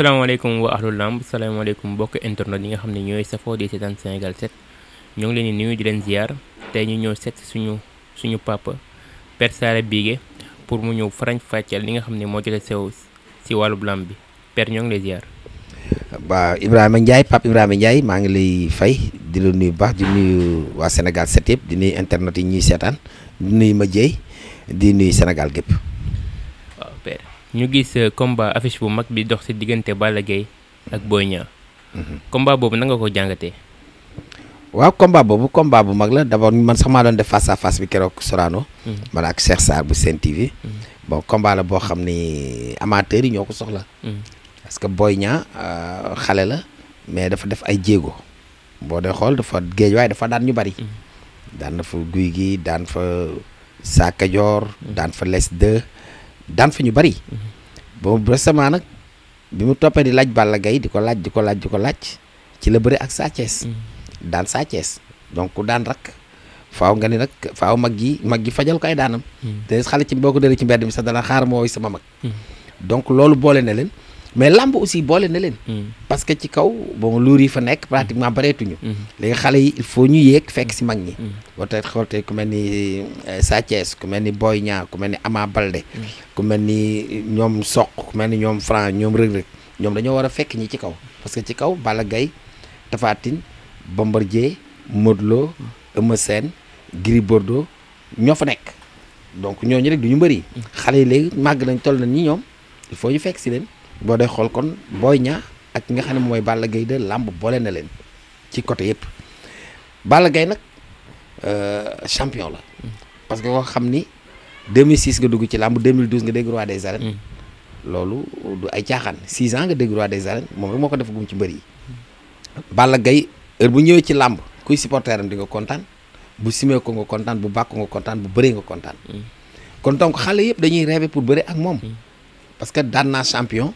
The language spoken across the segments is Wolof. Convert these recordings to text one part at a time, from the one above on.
salaamaaleykum wa ahlul lamb salaamaaleykum mbokk internet ñi nga xam ne ñooy safoo di seetaan Sénégal set ñoo ngi leen di nuyu di leen ziar tey ñu ñëw set suñu suñu papa Père Sala Bigué pour mu ñëw farañ fàcceel li nga xam ne moo jot a sew si wàllu lamb bi Père ñoo ngi lay ziar. waaw Ibrahima Ndiaye Pape Ibrahima Ndiaye maa ngi lay fay di la nuyu baax di nuyu waa senegal 7 yëpp di nuyu internet yi ñuy seetaan di nuyu ma Dieye di nuyu Sénégal gépp ñu gis euh, comba affiche bu mag bi dox ci diggante Balla Gaye ak Boy Niang. comba boobu na ko jàngate waaw comba boobu comba bu mag la d'abord man sax maa doon def face bi keroog Sorano. Mhm. man ak Cheikh Sarr bu Sen TV. Mhm. bon combat la boo xam ni amateurs yi ñoo ko soxla. Mhm. parce que Boy Niang euh, xale la mais dafa def ay jéego. boo dee xool dafa géej waaye dafa daan ñu bari. daan na fa guy gi daan fa Sakajor. daan fa les daan fi ñu bari ba récemment nag bi mu toppee di laaj Balla gay di ko laaj di ko laaj di ko laaj ci la bëri ak Sa Thiès mm. daan Sa donc ku daan rakk faaw nga ni nag faaw mag gi mag gi fajal kay ay daanam mm. te xale ci boo ko déree ci mbedd mi sax dana xaar mooy sama mag mm. donc loolu boole na leen mais làmb aussi boole na leen. Hmm. parce que ci kaw bon luur yi fa nekk pratiquement bareetuñu. Hmm. léegi xale yi il faut ñu yéeg fekk si mag ñi. Hmm. boo tey xool tey ku mel ni eh, Sa Thiès ku mel ni Boy Niang ku mel ni Ama Baldé. ku mel ni ñoom soq ku mel ni ñoom Franc ñoom Reug Reug ñoom dañoo war a fekk ñi ci kaw parce que ci kaw Balla Gaye Tapha Tine Bombardier Modou Lo Eumeu Sène Gris Bordeaux ñoo fa nekk donc ñoo ñu rek du ñu bëri. xale yi léegi màgg nañ toll na ni ñoom il faut ñu fekk si leen. boo dee xool kon Boy Niang ak ki nga xam ne mooy Balla Gaye de làmb boole na leen ci côté yëpp Balla gay nag euh, champion la parce que koo xam ni 2006 nga dugg ci làmb 2012 nga dégg roi des arènes mm. loolu du ay caaxaan 6 ans nga dégg roi des arènes moom rek moo ko def gum ci mbër yi Balla gay heure bu ñëwee ci làmb kuy supporteram di nga kontaan bu simee ko nga kontaan bu bàkk nga kontaan bu bëree nga kontaan mm. kon donc xale yëpp dañuy rêver pour bëri ak moom mm. parce que daan naa champion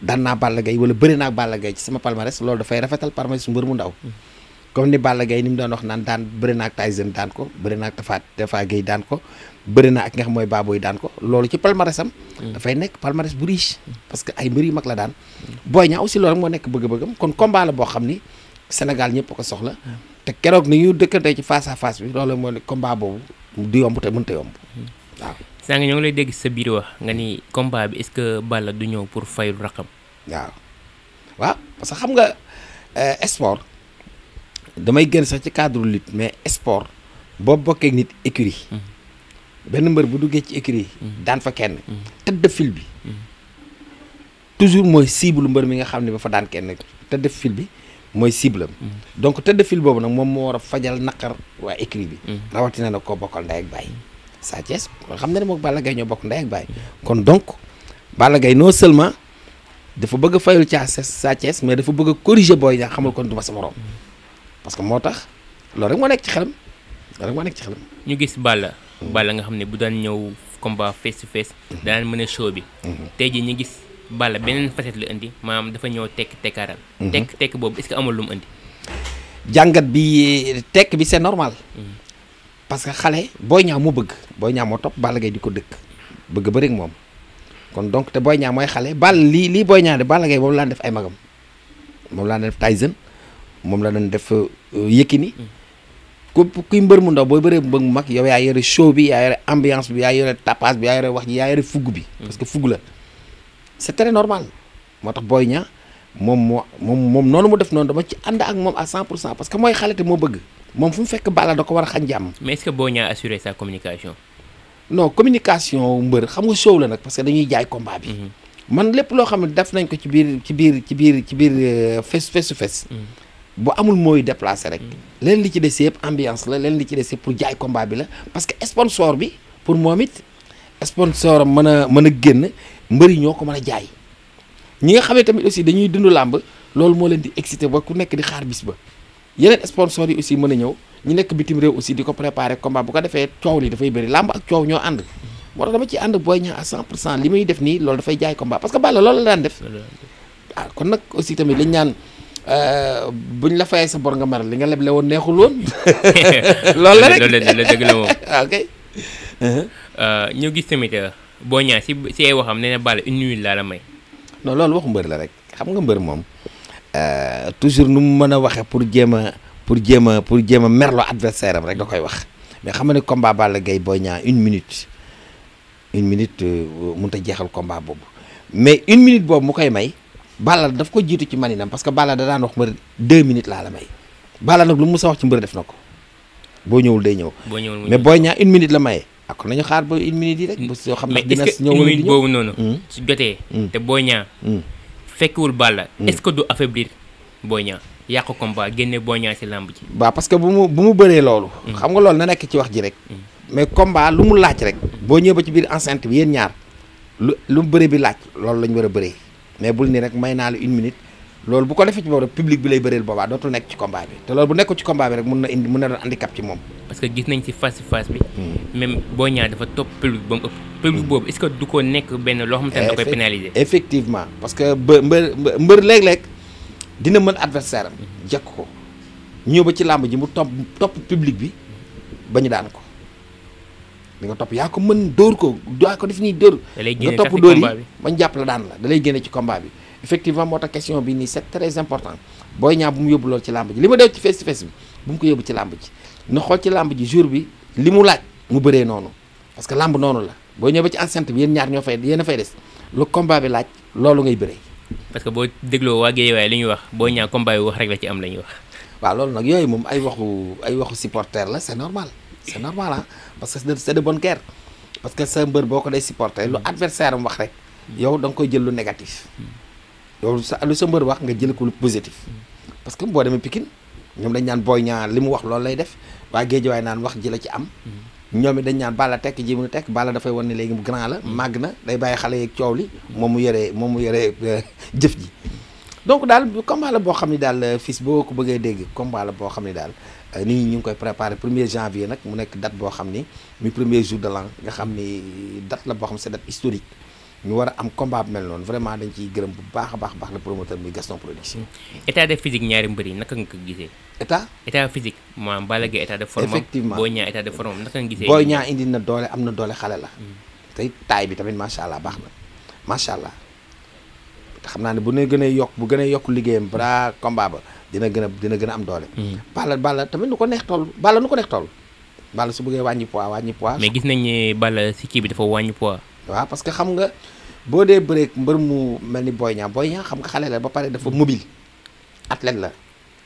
daan naa Balla Gaye wala bëri naa Balla Gaye ci sama palmarès loolu dafay rafetal palmarès mbër mu ndaw comme ni Balla Gaye ni mu doon wax naan daan bëri naa ak Tyson daan ko bëri naa ak Tafa Tafa Gueye daan ko bëri naa ak nga xam mooy Baboy daan ko loolu ci palmarèsam mm. dafay nekk palmarès bu riche parce que ay mbër yu mag la daan Boy Niang aussi loolu moo nekk bëgg-bëggam kon combat la boo xam ni Sénégal ñëpp ko soxla te keroog ni ñu dëkkante ci face à face bi loolu moo ne combat boobu du yomb te mënta yomb waaw sànq ñoo ngi lay dégg sa biir wax nga ni combat bi est-ce que Balla du ñëw pour fayul raqam. waaw waaw parce que xam nga euh, sport damay gën sax ci cadre lutte mais sport boo bokkee nit écurie hmm. benn mbër bu duggee ci écurie hmm. daan fa kenn. Hmm. tëdd fil bi. toujours mooy cible mbër mi nga xam ne ba fa daan kenn tëdd fil bi. mooy cible am donc tëdd fil boobu nag moom moo war a fajal naqar waa écrit bi rawatina na koo bokkal ndey ak bàyyi Sa Thiès xam na ne moom Balla Gaye ñoo bokk ndey ak baay kon donc Balla Gaye non seulement dafa bëgg a fayul caa Sa Thiès mais dafa bëgg a corriger Boy Niang xamul kon du ma sa morom parce que moo tax loolu rek moo nekk ci xelam loolu rek moo nekk ci xelam. ñu gis Balla. Hmm. Balla nga xam ne bu daan ñëw combat face to face. Hmm. daan mën a show bi. Hmm. tey jii ñu gis Balla beneen facette la indi maanaam dafa ñëw tekk tekkaaral. tekk tekk boobu est-ce que amul lu mu indi. jàngat bi tekk bi c'est normal. parce que xale Boy Niang mu bëgg Boy Niang moo topp Balla Gaye di ko dëkk bëgg bëri moom kon donc te Boy ñaa mooy xale Balla lii lii Boy Niang de Balla Gaye moom laa def ay magam moom laa def Tyson moom la doon def euh, Yékini mm. ku kuy mbër mu ndaw booy bëree mbër mu mag yow yaa yore show bi yaa yore ambiance bi yaa yore tapas bi yaa yore wax ji yaa yore fugg bi. Mm. parce que fugg la c'est très normal moo tax Boy Niang moom moo moom moom noonu mu def noonu dama ci ànd ak moom à 100 pour cent parce que mooy xale te moo moom fu mu fekk Balla da ko war a xañ jàmm. mais est boo ñaa assuré sa communication. non communication mbër xam nga show la nag parce que dañuy jaay combat bi. Mhm. man lépp loo xam ne def nañ ko ci biir ci biir ci biir ci biir fes fesu fes. bu amul mooy déplacé rek. Mhm. leen li ci des yëpp ambiance la leen li ci des yëpp pour jaay combat bi la parce que sponsor bi pour moom it sponsor mën a mën a génn mbër yi ñoo ko mën a jaay ñi nga xam ne tamit aussi dañuy dund làmb loolu moo leen di excité ba ku nekk di xaar ba. yeneen sponsors yi aussi mën a ñëw ñu nekk bitim réew aussi di ko préparer combat bu ko defee coow li dafay bëri làmb ak coow ñoo ànd moo tax dama ci ànd Boy Niang à 100 cent li muy def nii loolu dafay jaay combat parce que Balla loolu la daan def ah kon nag aussi tamit liñ naan euh, buñ la fayee sa bor nga maral li nga leble woon neexul woon loolu la rek loolu la dëgg la moom ah, ok uh-huh. euh, ñu gis tamit euh, Boy Niang si si ay waxam ne na Balla une minute laa la may non loolu waxu mbër la rek xam nga mbër moom Euh, toujours nu mu mën a waxee pour jéem a pour jéem a pour jéem a merloo adversaire am rek da koy wax mais xam nga ne combat Balla Gaye Boy Niang une minute une minute euh, mënut a jeexal combat boobu mais une minute boobu mu koy may Balla daf ko jiitu ci nam parce que Balla da daan wax mbër deux minutes laa la may Balla nag lu mu sa wax ci mbër def na ko boo ñëwul day ñëw. boo ñëwul mais Boy Niang une minute la maye. Ah, kon nañu xaar ba une minute yi rek. Mm. bés yoo xam ne dina ñëw wala du ñëw su jotee. Mm. te Boy Niang. Mm. fekkiwul Balla. Hmm. est-ce que du affaiblir Boy Niang yàq combat génne Boy Niang ci làmb ji. waaw parce que bu mu bu mu bëree loolu. Hmm. xam nga loolu na nekk ci wax ji rek. Hmm. mais combat lu mu laaj rek. boo ñëwee ba ci biir enceinte bi yéen ñaar lu lu mu bi laaj loolu la ñu war a bëree mais bul ni rek may naa la une minute. loolu bu ko defee ci boobu rek public bi lay bëreel boobaa dootul nekk ci combat bi te loolu bu nekkul ci combat bi rek mun na indi mun na doon handicap ci moom. parce que gis nañ ci face face bi. Hmm. même boo ñaar dafa topp public ba mu ëpp. public hmm. boobu est-ce que du ko nekk benn loo xamante ne da koy pénaliser. effectivement parce que ba mbër mbër léeg-léeg dina mën adversaire am hmm. jekk ko ñëw ba ci làmb ji mu topp topp public bi ba ñu daan ko. di nga topp yaa ko mën dóor ko yaa ko def nii dóor. nga topp dóor yi bañ jàpp la daan la da lay génne ci combat bi. effectivement moo tax question bi nii c'est très important Boy Niang bu mu yóbbu loolu ci làmb ji li ma def ci face face bi bu mu ko yóbbu ci làmb ji na xool ci làmb ji jour bi li mu laaj mu bëree noonu parce que làmb noonu la boo ñëw ba ci enceinte bi yéen ñaar ñoo fay yéen a fay des lu combat bi laaj loolu ngay bëree. parce que boo dégloo waa Guédiawaye li ñu wax booy Niang combat bi wax rek la ci am la ñuy wax. waa loolu nag yooyu moom ay waxu ay waxu supporter la c'est normal c'est normal parce que c'est de bonne guerre parce que boo ko day supporter lu adversaire rek yow da koy jël lu négatif. Hmm. loolu sa lu sa mbër wax nga jël ko lu positif mm. parce que boo demee Pikine ñoom dañ naan booy ñaar li mu wax loolu lay def waa Géejawaay naan wax ji la ci am mm. ñoom it dañ naan Balla tekk ji mu tekk Balla dafay wan ne léegi mu grand la mm. màgg na day bàyyi xale yeeg coow li moom mu yore moom mu yore euh, jëf ji donc daal combat la boo xam ne daal euh, fils boo ko bëggee dégg combat boo xam ne daal euh, nit ñi ñu ngi koy préparé premier janvier nag mu nekk dat boo xam ni muy premier jour de l'an nga xam ni date la boo xam c'est date historique ñu war a am combat bu mel noonu vraiment dañ ciy gërëm bu baax a baax baax le promoteur muy Gaston production. état de physique ñaari mbër yi naka nga ko gisee. état état physique maanaam Balla Gaye état de forme effectivement Boy Niang de forme naka nga gisee. Boy Niang indi na doole am na doole xale la. Hmm. tey taay bi tamit macha allah baax na macha allah te xam naa ne bu ne gën a yokk bu gën a yokk liggéeyam bara combat ba dina gën a dina gën a am doole. Hmm. Balla Balla tamit nu ko neex toll Balla nu ko neex toll. Balla su bëggee wàññi poids wàññi poids. mais gis nañ ne Balla kii bi dafa wàññi poids waaw parce que xam nga boo dee bëreek mbër mu mel ni Boy Niang Boy Niang xam nga xale la ba pare dafa mobile athlète la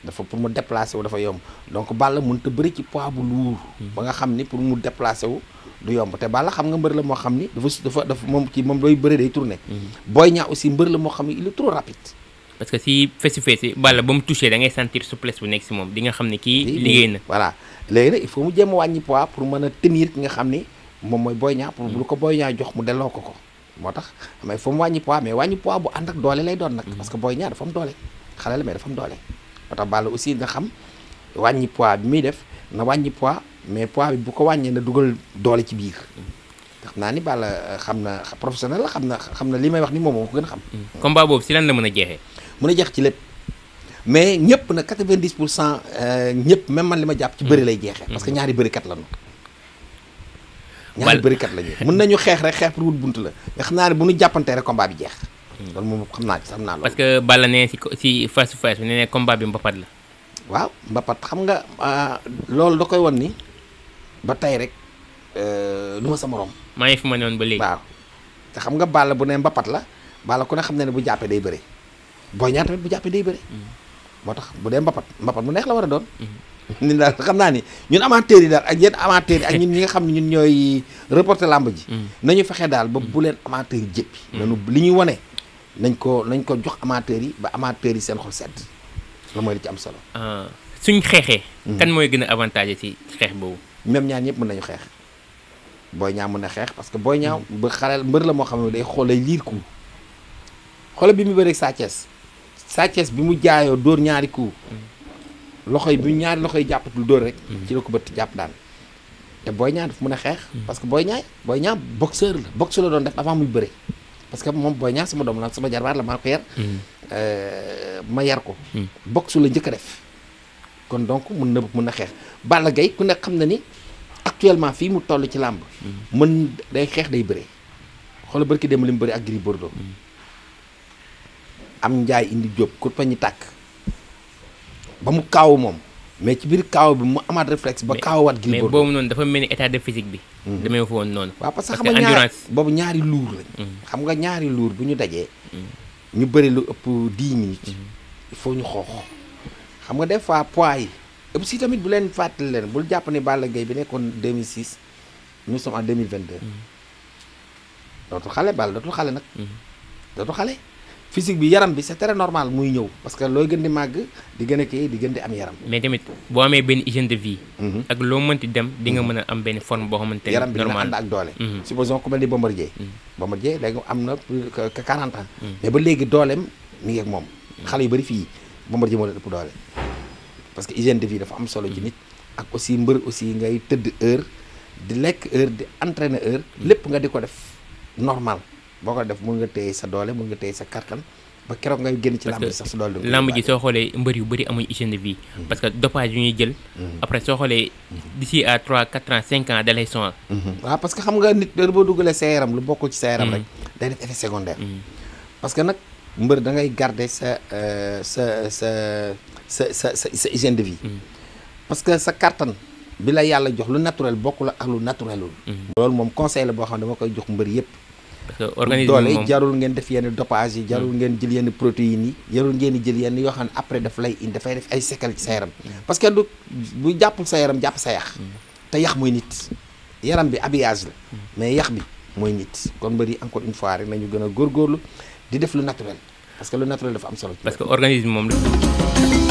dafa pour mu déplacer wu dafa yomb donc Balla mënut bëri ci poids bu lourd hmm. ba nga xam ni pour mu déplacer wu du yomb te Balla xam nga mbër la moo xam ni dafa dafa dafa moom ci moom looy bëri day tourné. Hmm. Boy Niang aussi mbër la moo xam ni il est trop rapide. parce que si fesi fesi Balla ba mu touché da ngay sentir souplesse bu nekk si moom di nga xam ne kii. liggéey na voilà léegi nag il faut mu jéem a wàññi poi pour mën a tenir ki nga xam ni. moom mooy Boy Niang pour lu ko booy Niang jox mu delloo ko ko moo tax mais fa wàññi poids mais wàññi poids bu ànd doole lay doon nag parce que Boy Niang dafa am doole xale la mais dafa am doole moo tax Balla aussi nga xam wàññi poids muy def na wàññi poids mais poids bu ko wàññee na dugal doole ci biir xam naa ni Balla euh, xam na professionnel la xam na xam na li may wax ni moom moo ko xam mm. combat boobu si lan la mën a jeexee a jeex ci lépp mais ñëpp nag 90 pour cent euh, ñëpp même man li ma jàpp ci bëri lay jeexee parce que ñaari bëri kat la ñaari bërikat la ñu mën nañu xeex rek xeex pour wut bunt la nga xam naa ne bu ñu jàppantee rek combat bi jeex hmm. loolu moom xam naa ci xam naa loolu nee si si face to face bi la waaw mbapat xam nga ah, loolu da koy won ni ba tey rek lu euh, ma sa morom maa ngi fi ma woon ba léegi waaw te xam nga Balla bu ne mbapat la Balla ku ne xam ne ne bu jàppee day bëre Boy Niang tamit bu jàppee day bëre hmm. moo tax bu dee mbapat mbapat mu neex la war a doon hmm. ñun daal xam naa ni ñun amateurs yi daal ak yéen amateurs yi ak ñun ñi nga xam ne ñun ñooy reporter làmb ji mm. nañu fexe daal ba bu leen amateurs yi jëppi mm. nanu li ñuy wone nañ ko nañ ko jox amateurs yi ba amateurs yi seen xol sedd la mooy li ci am solo ah, suñ xeexee mm. kan mooy gën a avantage ci xeex boobu même ñaan ñëpp mën nañu xeex booy ñaaw mun a xeex parce que booy ñaaw ba xareel mbër la moo xam ne day xoolee liir ku xoole bi mu bëri Sa Thiès Sa bi mu jaayoo dóor ñaari coup loxo yi bu ñaari loxo yi jàppatul dóor rek. Mm-hmm. ci la ko bëtt jàpp daan te booy ñaa daf mun a xeex. Mm-hmm. parce que booy ñaay booy ñaa boxeur la boxe la doon def avant muy bëre. parce que moom booy ñaa sama doom la sama jarbaar la maa ko yar. Mm-hmm. Euh, ma yar ko. a def. kon donc mën na mën na xeex Balla Gaye ku ne xam na ni actuellement fii mu toll ci làmb. mën day xeex day bëre. xoolal barki dem li bëri ak Gris Bordeaux. am njaay indi jóob ku pañi tàkk. ba mu kaaw moom mais ci biir kaaw bi mu amaat réflexe ba kaaw Gris Bordeaux mais boobu noonu dafa mel ni état de physique bi hmm. demee fa woon noonu waaw parce que xam nga ñaari boobu ñaari luur lañ hmm. xam nga ñaari luur bu ñu dajee hmm. ñu bëri lu ëpp 10 minutes il faut ñu xoox xam nga def fois pois yi ëpp si tamit bu leen fàttali leen bul jàpp ni Balla Gaye bi nekkoon 2006 nous sommes en 2022 dootul xale Balla dootul xale nag dootul xale physique bi yaram bi sa très normal muy ñëw parce que looy gën di màgg di gën a kii di gën di am yaram. mais tamit boo amee benn hygiène de vie. Mhm. ak loo mënti dem di nga mën a am benn forme boo xamante ne yaram bi na ànd ak doole. Mhm. supposons ku mel ni Bombardier. Mhm. Bombardier léegi am na plus ans. mais ba léegi dooleem mi ngi moom. xale yu bëri fii Bombardier moo leen ëpp doole parce que hygiène de vie dafa am solo ci nit. ak aussi mbër aussi ngay tëdd heure di lekk heure di entraîner heure lépp nga di ko def normal. boo ko def mun nga téye sa doole mun nga téye sa kattan ba keroog ngay génn ci làmb ji sax sa doole xoolee mbër yu bëri amuñ hygiène de vie mhm. parce que dopage yu jël mhm. après soo xoolee mhm. d'ici à 3 4 ans 5 ans dalay sonal parce que xam nga nit dër boo dugalee sa yaram lu bokkul ci sa yaram rek day parce que nag mbër da ngay euh, sa sa sa sa sa sa que sa kattan bi la yàlla jox lu naturel bokkul ak lu naturelul loolu moom conseil la boo xam ne dama koy jox mbër yëpp parce que organisme doole jarul ngeen def yenn dopage yi jarul hmm. ngeen jël yenn protéines yi jarul ngeen jël yenn yoo xam ne après daf lay dafay def ay séquelles ci sa yaram hmm. parce que du bu jàppul sa yaram jàpp sa yax hmm. te yax mooy nit yaram bi habillage la mais yax bi mooy nit kon mbëri encore une fois rek nañu gën a góorlu di def lu naturel parce que lu naturel dafa am solo parce que organisme moom la